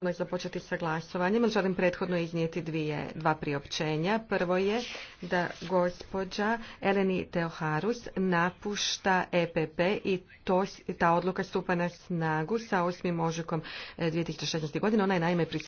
Možemo započeti sa glasovanjem. Želim prethodno iznijeti dvije, dva priopćenja. Prvo je da gospođa Eleni Teoharus napušta EPP i to, ta odluka stupa na snagu sa 8. ožujkom 2016. E, godine. Ona je naime